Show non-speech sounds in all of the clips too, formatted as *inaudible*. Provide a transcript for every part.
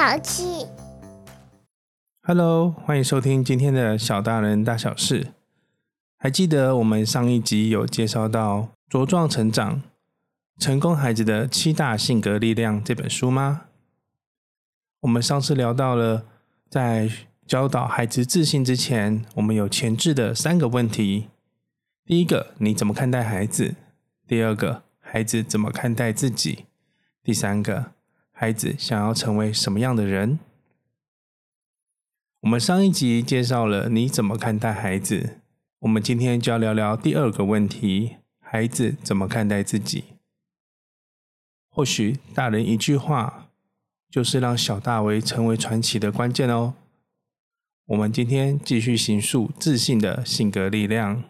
小七，Hello，歡迎收聽今天的小大人大小事。還記得我們上一集有介紹到《茁壯成長：成功孩子的七大性格力量》這本書嗎？我們上次聊到了，在教導孩子自信之前，我們有前置的三個問題：第一個，你怎麼看待孩子？第二個，孩子怎麼看待自己？第三個，孩子想要成為什麼樣的人？我們上一集介紹了你怎麼看待孩子，我們今天就要聊聊第二個問題：孩子怎麼看待自己？或許大人一句話就是讓小大人成為傳奇的關鍵哦。我們今天繼續形塑自信的性格力量。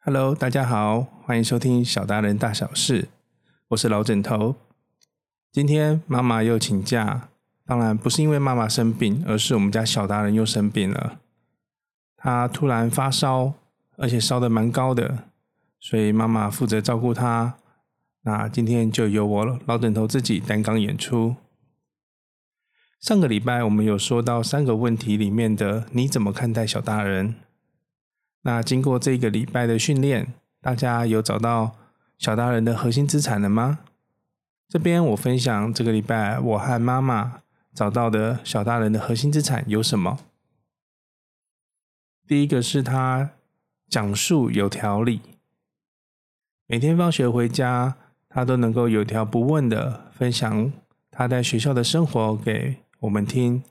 Hello，大家好，歡迎收聽小大人大小事。我是老枕頭。今天媽媽又請假，當然不是因為媽媽生病，而是我們家小大人又生病了。他突然發燒，而且燒得蠻高的，所以媽媽負責照顧他。那今天就由我老枕頭自己擔綱演出。上個禮拜我們有說到三個問題裡面的，你怎麼看待小大人？那經過這個禮拜的訓練，大家有找到？小大人的核心資產了嗎？這邊我分享這個禮拜我和媽媽找到的小大人的核心資產有什麼？第一個是他講述有條理，每天放學回家，他都能夠有條不紊的分享他在學校的生活給我們聽，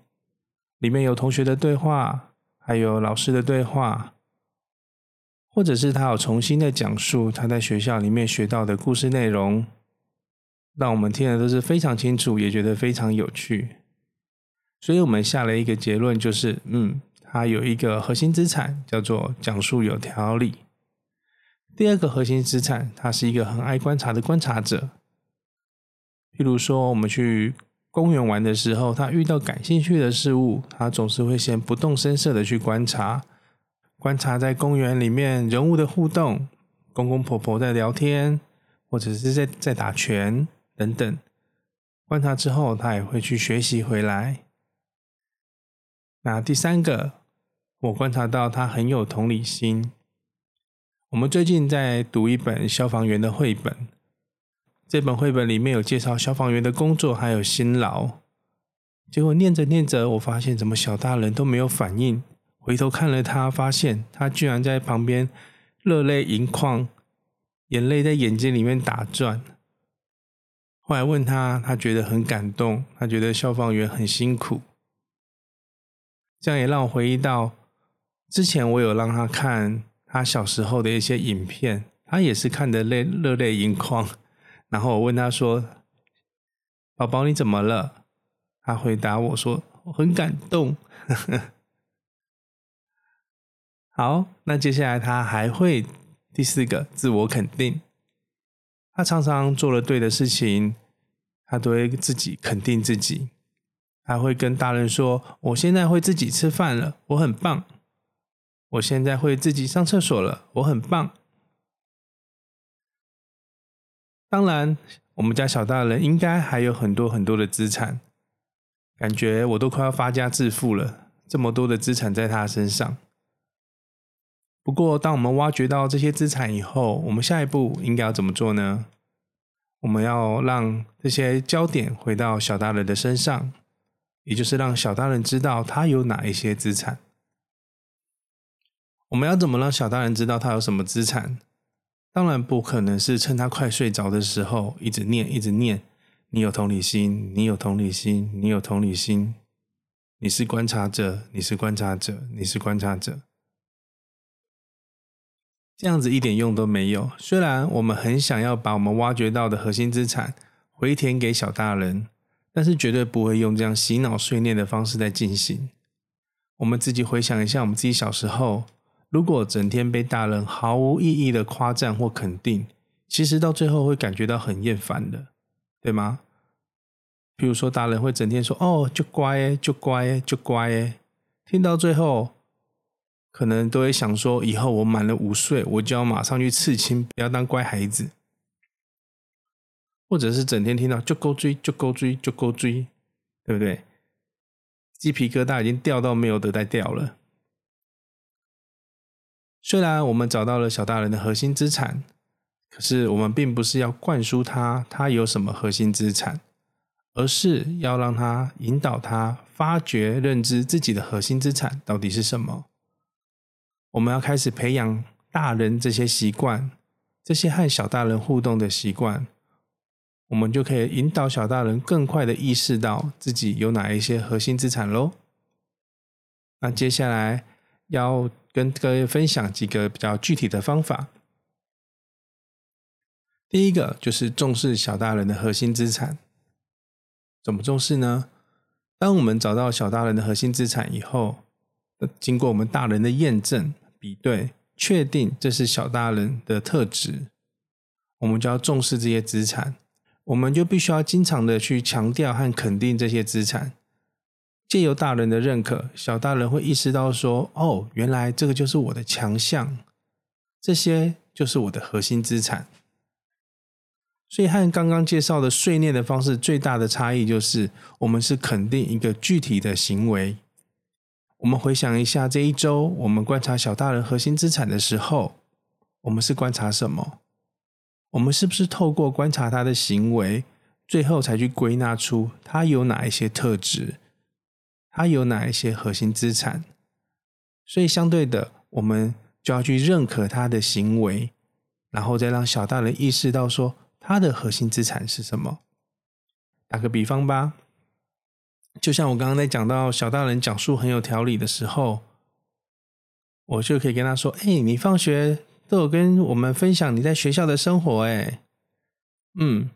裡面有同學的對話，還有老師的對話。或者是他有重新的講述他在學校裡面學到的故事內容，讓我們聽的都是非常清楚，也覺得非常有趣。所以我們下了一個結論，就是嗯，他有一個核心資產叫做講述有條理。第二個核心資產，他是一個很愛觀察的觀察者。譬如說，我們去公園玩的時候，他遇到感興趣的事物，他總是會先不動聲色的去觀察。觀察在公園裡面人物的互動，公公婆婆在聊天，或者是在在打拳等等。觀察之後，他也會去學習回來。那第三個，我觀察到他很有同理心。我們最近在讀一本消防員的繪本，這本繪本裡面有介紹消防員的工作還有辛勞。結果念着念着，我發現怎麼小大人都沒有反應。回頭看了他，發現他居然在旁邊熱淚盈眶，眼淚在眼睛裡面打轉。後來問他，他覺得很感動，他覺得消防員很辛苦，這樣也讓我回憶到之前我有讓他看他小時候的一些影片，他也是看得淚熱淚盈眶。然後我問他說：“寶寶，你怎麼了？”他回答我說：“我很感動。 *laughs* ”好，那接下來他還會第四個自我肯定。他常常做了對的事情，他都會自己肯定自己。他會跟大人說：“我現在會自己吃飯了，我很棒。我現在會自己上廁所了，我很棒。”當然，我們家小大人應該還有很多很多的資產，感覺我都快要發家致富了，這麼多的資產在他身上。不過，當我們挖掘到這些資產以後，我們下一步應該要怎麼做呢？我們要讓這些焦點回到小大人的身上，也就是讓小大人知道他有哪一些資產。我們要怎麼讓小大人知道他有什麼資產？當然不可能是趁他快睡着的時候一直念、一直念，你有同理心，你有同理心，你有同理心。你是觀察者，你是觀察者，你是觀察者。這樣子一點用都沒有。雖然我們很想要把我們挖掘到的核心資產回填給小大人，但是絕對不會用這樣洗腦碎念的方式在進行。我們自己回想一下，我們自己小時候，如果整天被大人毫無意義的誇讚或肯定，其實到最後會感覺到很厭煩的，對嗎？比如說大人會整天說：“哦，就乖誒，就乖誒，就乖誒。乖”聽到最後。可能都會想說，以後我滿了五歲，我就要馬上去刺青，不要當乖孩子，或者是整天聽到就勾追，就勾追，就勾追，對不對？雞皮疙瘩已經掉到沒有得再掉了。雖然我們找到了小大人的核心資產，可是我們並不是要灌輸他他有什麼核心資產，而是要讓他引導他發掘、認知自己的核心資產到底是什麼。我們要開始培養大人這些習慣，這些和小大人互動的習慣，我們就可以引導小大人更快的意識到自己有哪一些核心資產咯。那接下來要跟各位分享幾個比較具體的方法。第一個就是重視小大人的核心資產。怎麼重視呢？當我們找到小大人的核心資產以後，經過我們大人的驗證、比對、確定這是小大人的特質，我們就要重視這些資產，我們就必須要經常的去強調和肯定這些資產。借由大人的認可，小大人會意識到說：“哦，原來這個就是我的強項，這些就是我的核心資產。”所以和剛剛介紹的碎念的方式最大的差異就是，我們是肯定一個具體的行為。我們回想一下這一周，我們觀察小大人核心資產的時候，我們是觀察什麼？我們是不是透過觀察他的行為，最後才去歸納出他有哪一些特質，他有哪一些核心資產？所以相對的，我們就要去認可他的行為，然後再讓小大人意識到說他的核心資產是什麼。打個比方吧。就像我剛剛在講到小大人講述很有條理的時候，我就可以跟他說：“哎、欸，你放學都有跟我們分享你在學校的生活，哎，嗯，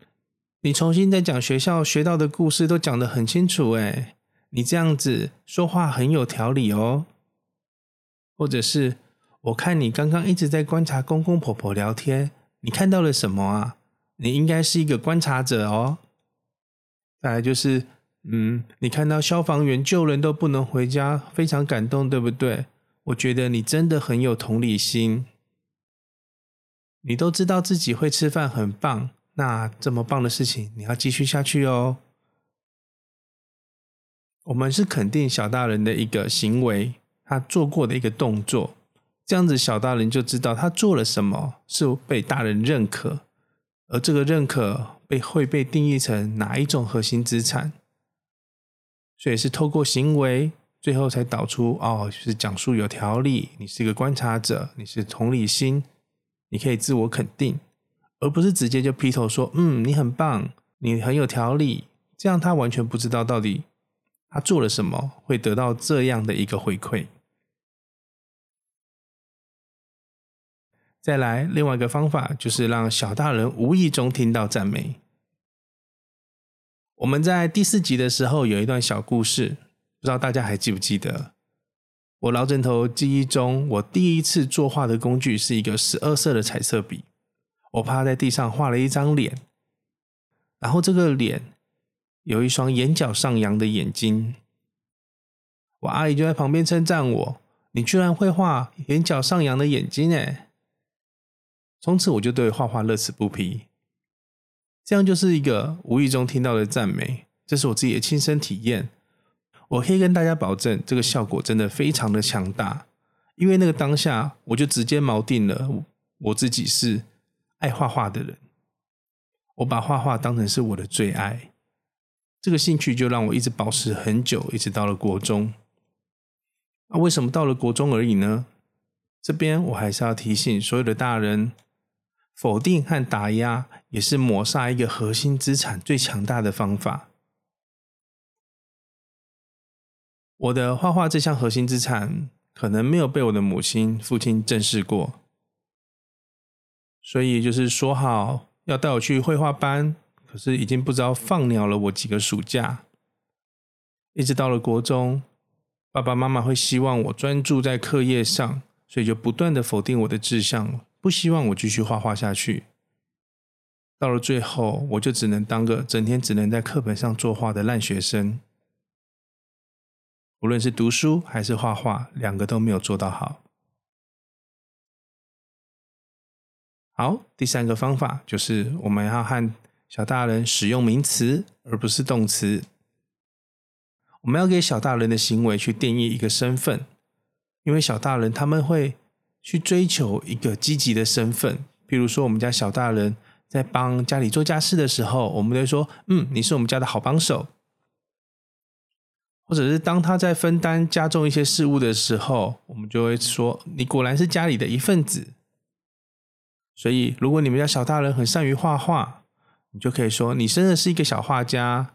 你重新在講學校學到的故事都講得很清楚，哎，你這樣子說話很有條理哦。或者是我看你剛剛一直在觀察公公婆婆聊天，你看到了什麼啊？你應該是一個觀察者哦。再來就是。”嗯，你看到消防員救人都不能回家，非常感動，對不對？我覺得你真的很有同理心，你都知道自己會吃飯，很棒。那這麼棒的事情，你要繼續下去哦。我們是肯定小大人的一個行為，他做過的一個動作，這樣子小大人就知道他做了什麼，是被大人認可，而這個認可被會被定義成哪一種核心資產？所以是透過行為，最後才導出哦，就是講述有條理。你是一個觀察者，你是同理心，你可以自我肯定，而不是直接就劈頭說，嗯，你很棒，你很有條理。這樣他完全不知道到底他做了什麼，會得到這樣的一個回饋。再來另外一個方法，就是讓小大人無意中聽到讚美。我們在第四集的時候有一段小故事，不知道大家還記不記得？我老枕頭記憶中，我第一次作畫的工具是一個十二色的彩色筆。我趴在地上畫了一張臉，然後這個臉有一雙眼角上揚的眼睛。我阿姨就在旁邊稱讚我：“你居然會畫眼角上揚的眼睛！”誒。從此我就對畫畫樂此不疲。這樣就是一個無意中聽到的讚美，這是我自己的親身體驗。我可以跟大家保證，這個效果真的非常的強大，因為那個當下，我就直接錨定了我自己是愛畫畫的人，我把畫畫當成是我的最愛，這個興趣就讓我一直保持很久，一直到了國中。啊，為什麼到了國中而已呢？這邊我還是要提醒所有的大人。否定和打壓也是抹殺一個核心資產最強大的方法。我的畫畫這項核心資產可能沒有被我的母親、父親正視過，所以就是說好要帶我去繪畫班，可是已經不知道放鳥了我幾個暑假。一直到了國中，爸爸媽媽會希望我專注在課業上，所以就不斷的否定我的志向了。不希望我繼續畫畫下去，到了最後，我就只能當個整天只能在課本上作畫的爛學生。無論是讀書還是畫畫，兩個都沒有做到好。好，第三個方法就是我們要和小大人使用名詞，而不是動詞。我們要給小大人的行為去定義一個身份，因為小大人他們會。去追求一個積極的身份，比如說我們家小大人在幫家裡做家事的時候，我們會說：“嗯，你是我們家的好幫手。”或者是當他在分擔家中一些事務的時候，我們就會說：“你果然是家裡的一份子。”所以，如果你們家小大人很善於畫畫，你就可以說：“你真的是一個小畫家。”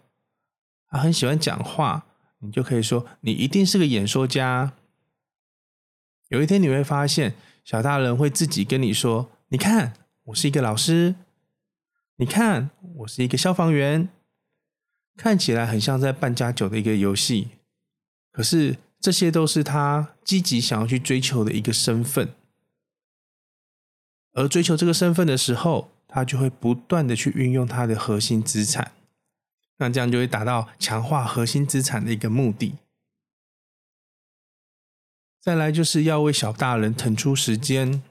他很喜歡講話，你就可以說：“你一定是個演說家。”有一天你會發現，小大人會自己跟你說：“你看，我是一個老師；你看，我是一個消防員。”看起來很像在扮家酒的一個遊戲，可是這些都是他積極想要去追求的一個身份。而追求這個身份的時候，他就會不斷的去運用他的核心資產，那這樣就會達到強化核心資產的一個目的。再來就是要為小大人騰出時間，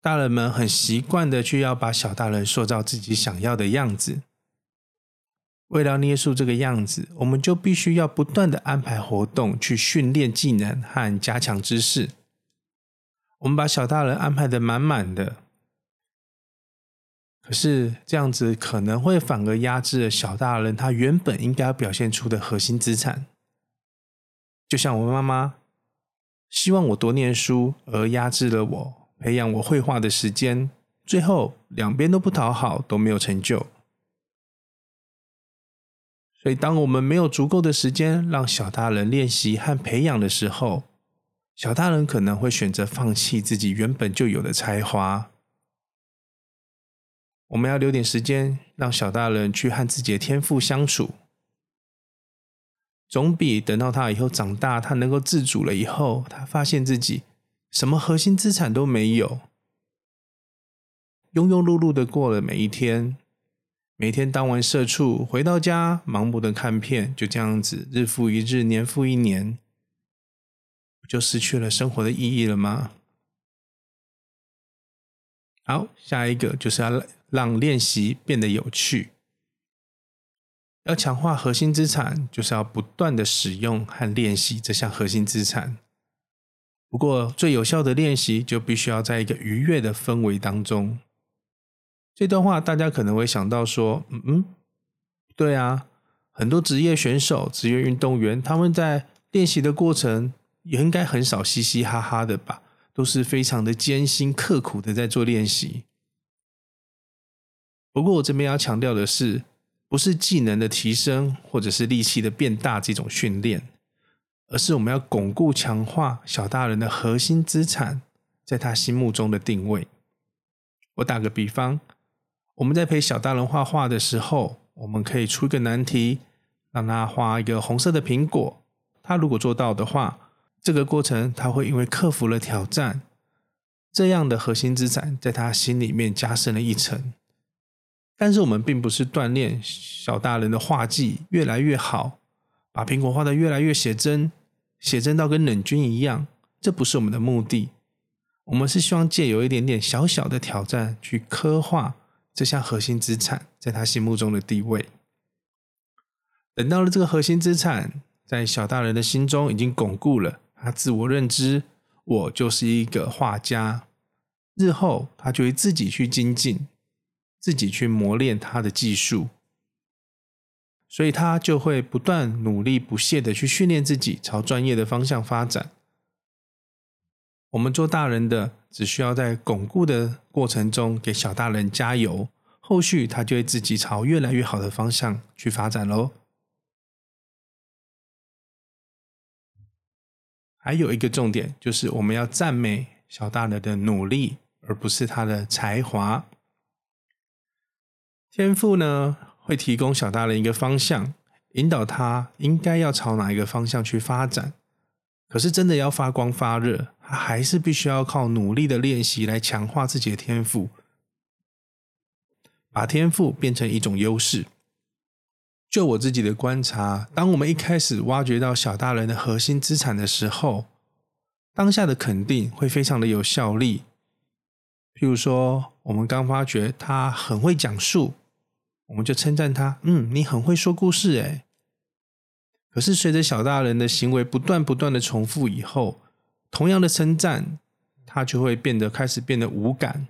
大人們很習慣的去要把小大人塑造自己想要的樣子。為了捏塑這個樣子，我們就必須要不斷的安排活動去訓練技能和加強知識。我們把小大人安排得滿滿的，可是這樣子可能會反而壓制了小大人他原本應該表現出的核心資產。就像我媽媽。希望我多念書，而壓制了我培養我繪畫的時間，最後兩邊都不討好，都沒有成就。所以，當我們沒有足夠的時間讓小大人練習和培養的時候，小大人可能會選擇放棄自己原本就有的才華。我們要留點時間，讓小大人去和自己的天賦相處。總比等到他以後長大，他能夠自主了以後，他發現自己什麼核心資產都沒有，庸庸碌碌的過了每一天，每天當完社畜回到家，盲目的看片，就這樣子日復一日，年復一年，就失去了生活的意義了嗎？好，下一個就是要讓練習變得有趣。要強化核心資產，就是要不斷的使用和練習這項核心資產。不過，最有效的練習就必須要在一個愉悅的氛圍當中。這段話大家可能會想到說：“嗯嗯，對啊，很多職業選手、職業運動員，他們在練習的過程也應該很少嘻嘻哈哈的吧？都是非常的艱辛刻苦的在做練習。不過，我這邊要強調的是。”不是技能的提升，或者是力氣的變大這種訓練，而是我們要鞏固、強化小大人的核心資產，在他心目中的定位。我打個比方，我們在陪小大人畫畫的時候，我們可以出一個難題，讓他畫一個紅色的蘋果。他如果做到的話，這個過程他會因為克服了挑戰，這樣的核心資產在他心裡面加深了一層。但是我們並不是鍛鍊小大人的畫技越來越好，把蘋果畫得越來越寫真，寫真到跟冷軍一樣，這不是我們的目的。我們是希望藉由一點點小小的挑戰，去刻畫這項核心資產在他心目中的地位。等到了這個核心資產在小大人的心中已經鞏固了，他自我認知，我就是一個畫家，日後他就會自己去精進。自己去磨練他的技術，所以他就會不斷努力不懈的去訓練自己，朝專業的方向發展。我們做大人的，只需要在鞏固的過程中給小大人加油，後續他就會自己朝越來越好的方向去發展咯。還有一個重點就是，我們要讚美小大人的努力，而不是他的才華。天賦呢，會提供小大人一個方向，引導他應該要朝哪一個方向去發展。可是，真的要發光發熱，他還是必須要靠努力的練習來強化自己的天賦，把天賦變成一種優勢。就我自己的觀察，當我們一開始挖掘到小大人的核心資產的時候，當下的肯定會非常的有效力。譬如說，我們剛發覺他很會講述，我們就稱讚他：“嗯，你很會說故事。”哎，可是隨着小大人的行為不斷不斷的重複以後，同樣的稱讚，他就會變得開始變得無感。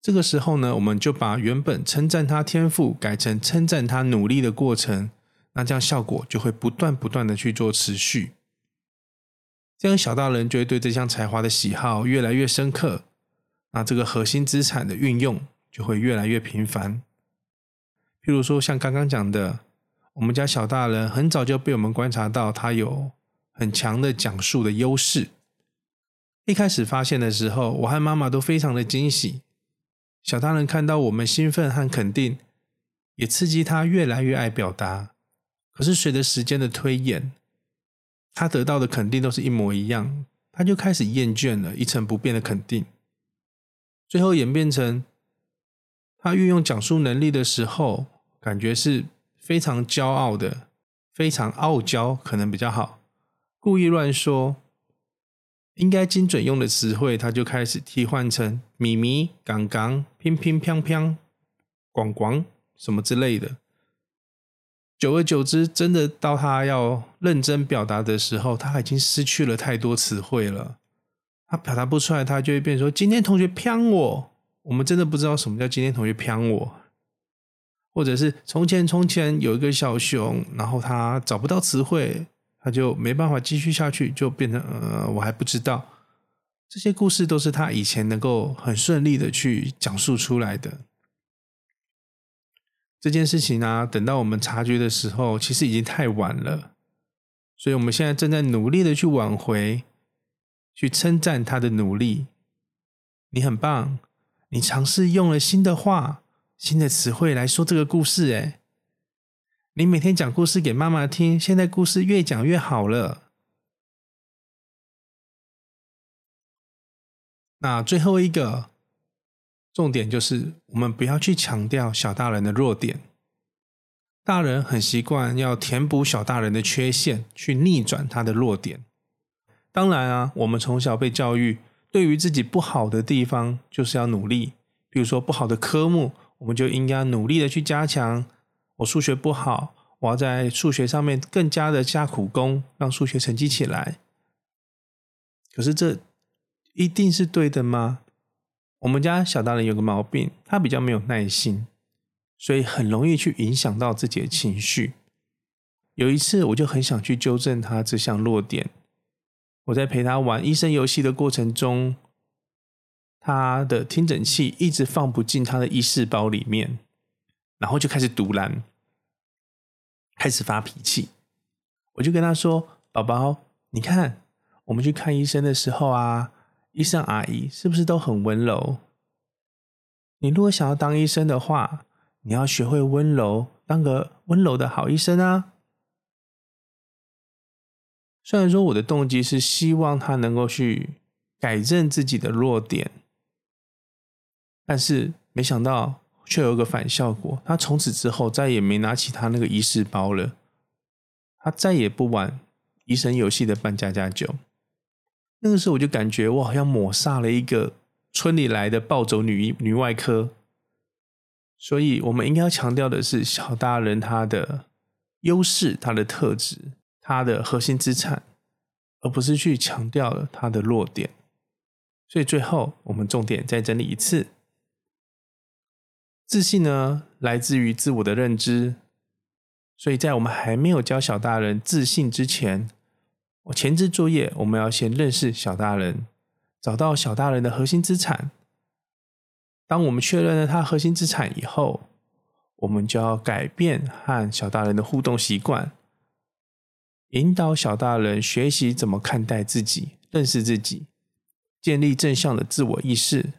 這個時候呢，我們就把原本稱讚他天賦改成稱讚他努力的過程，那這樣效果就會不斷不斷的去做持續，這樣小大人就會對這項才華的喜好越來越深刻。那這個核心資產的運用就會越來越頻繁。譬如說，像剛剛講的，我們家小大人很早就被我們觀察到，他有很強的講述的優勢。一開始發現的時候，我和媽媽都非常的驚喜。小大人看到我們興奮和肯定，也刺激他越來越愛表達。可是隨着時間的推演，他得到的肯定都是一模一樣，他就開始厭倦了，一成不變的肯定。最後演變成，他運用講述能力的時候，感覺是非常驕傲的，非常傲嬌，可能比較好。故意亂說，應該精準用的詞彙，他就開始替換成米米、剛剛、乒乒乓乓、廣廣什麼之類的。久而久之，真的到他要認真表達的時候，他已經失去了太多詞彙了。他表達不出來，他就會變說：“今天同學騙我。”我們真的不知道什麼叫“今天同學騙我”，或者是“從前從前有一個小熊”，然後他找不到詞彙，他就沒辦法繼續下去，就變成“呃，我還不知道”。這些故事都是他以前能夠很順利的去講述出來的。這件事情啊，等到我們察覺的時候，其實已經太晚了，所以我們現在正在努力的去挽回，去稱讚他的努力，你很棒，你嘗試用了新的話、新的詞彙來說這個故事，哎，你每天講故事給媽媽聽，現在故事越講越好了。那最後一個重點就是，我們不要去強調小大人的弱點，大人很習慣要填補小大人的缺陷，去逆轉他的弱點。當然啊，我們從小被教育，對於自己不好的地方，就是要努力。比如說不好的科目，我們就應該努力的去加強。我數學不好，我要在數學上面更加的下苦功，讓數學成績起來。可是這一定是對的嗎？我們家小大人有個毛病，他比較沒有耐心，所以很容易去影響到自己的情緒。有一次，我就很想去糾正他這項弱點。我在陪他玩醫生遊戲的過程中，他的聽診器一直放不進他的醫師包裡面，然後就開始賭爛，開始發脾氣。我就跟他說：“寶寶，你看，我們去看醫生的時候啊，醫生阿姨是不是都很溫柔？你如果想要當醫生的話，你要學會溫柔，當個溫柔的好醫生啊。”雖然說我的動機是希望他能夠去改正自己的弱點，但是沒想到卻有個反效果。他從此之後再也沒拿起他那個醫師包了，他再也不玩醫生遊戲的扮家家酒。那個時候我就感覺我好像抹殺了一個村裡來的暴走女女外科。所以我們應該要強調的是小大人他的優勢，他的特質。他的核心資產，而不是去強調他的弱點。所以最後，我們重點再整理一次：自信呢，來自於自我的認知。所以在我們還沒有教小大人自信之前，我前置作業我們要先認識小大人，找到小大人的核心資產。當我們確認了他核心資產以後，我們就要改變和小大人的互動習慣。引導小大人學習怎麼看待自己、認識自己，建立正向的自我意識。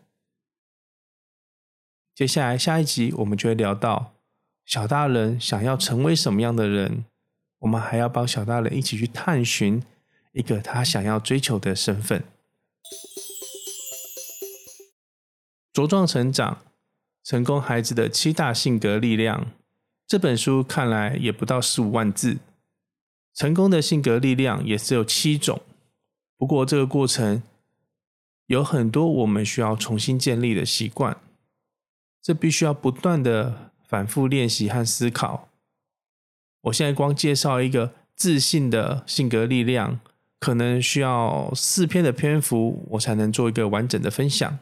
接下來下一集，我們就會聊到小大人想要成為什麼樣的人。我們還要幫小大人一起去探尋一個他想要追求的身份， *noise* 茁壯成長、成功孩子的七大性格力量這本書，看來也不到十五萬字。成功的性格力量也只有七種，不過這個過程有很多我們需要重新建立的習慣，這必須要不斷的反覆練習和思考。我現在光介紹一個自信的性格力量，可能需要四篇的篇幅，我才能做一個完整的分享。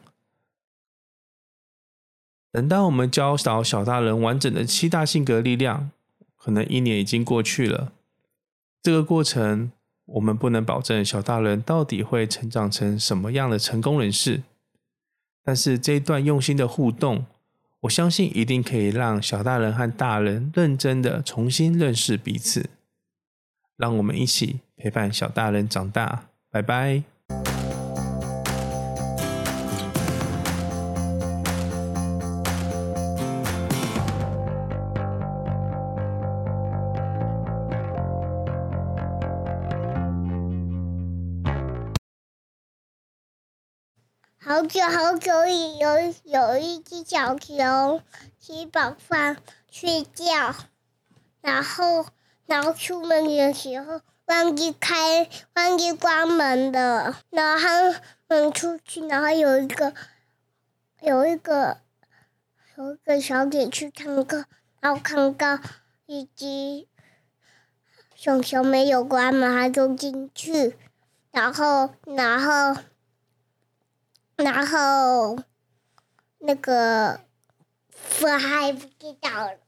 等到我們教導小大人完整的七大性格力量，可能一年已經過去了。這個過程，我們不能保證小大人到底會成長成什麼樣的成功人士，但是這一段用心的互動，我相信一定可以讓小大人和大人認真的重新認識彼此。讓我們一起陪伴小大人長大，拜拜。好久好久也有有一隻小熊，吃飽飯睡覺，然後然後出門的時候忘記開，忘記關門的，然後嗯出去，然後有一個有一個有一個小姐去唱歌，然後看到一隻小熊熊沒有關門，它就進去，然後然後。然後，那個我還不知道。5,